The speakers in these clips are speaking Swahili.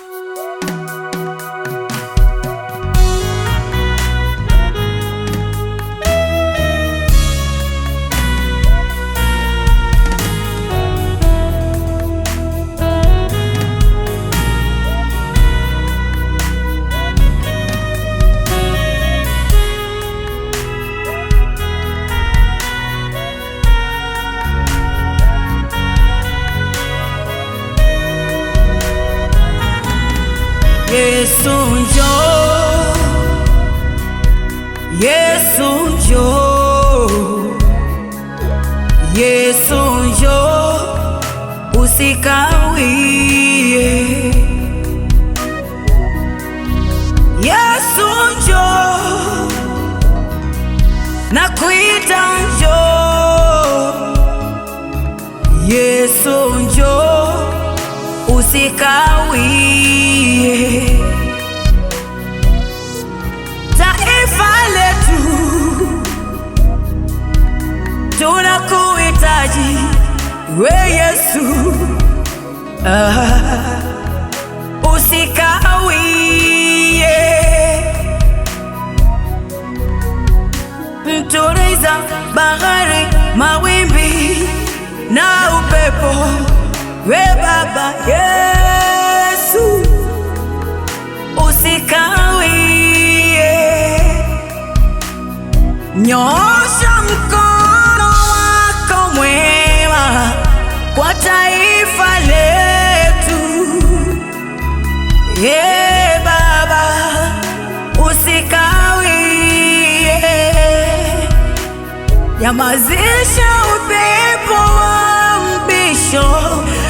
thank you Yesu njoo, Yesu njoo, Yesu njoo, usikawie. Yesu njo nakuita njo Yesu njoo, usikawie. we Yesu, ah, usikawie mturiza bahari, mawimbi na upepo, we Baba yeah. Nyamazisha upepo wa mbisho,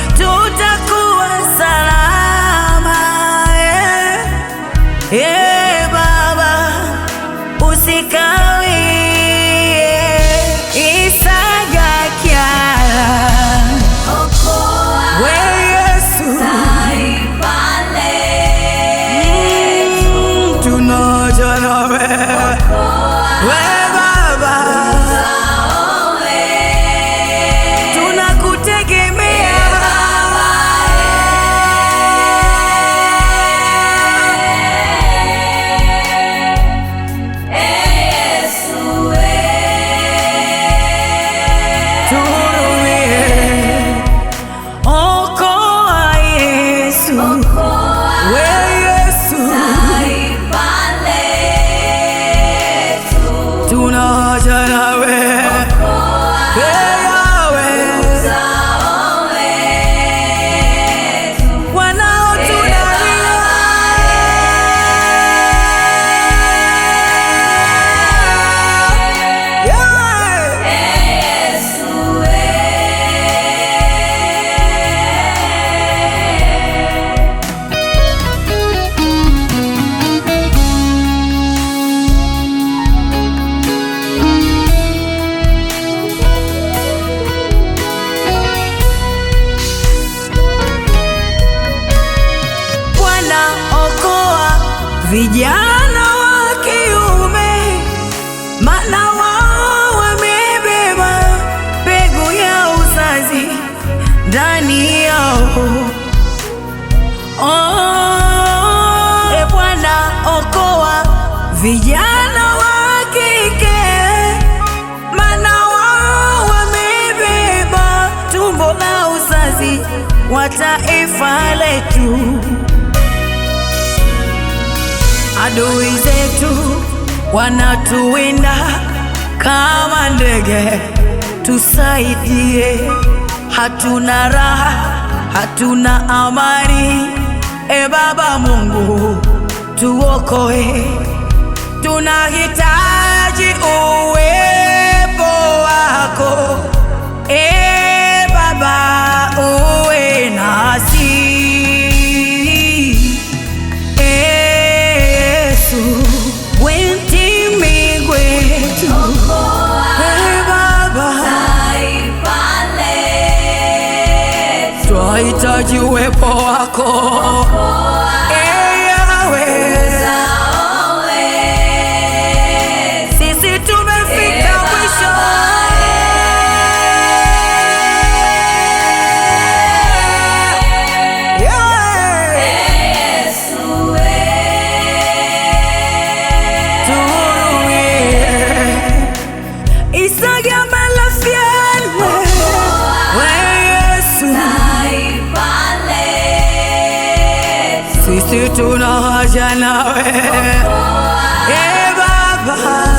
tutakuwa salama eh, eh, Baba usika जूना जय vijana wa kiume, maana wao wamebeba mbegu ya uzazi ndani yao. Oh, e Bwana okoa vijana wa kike, maana wao wamebeba tumbo la uzazi wa taifa letu. Adui zetu wanatuwinda kama ndege, tusaidie. Hatuna raha, hatuna amani. E Baba Mungu, tuokoe, tunahitaji wakati uwepo wako tuna haja nawe, e Baba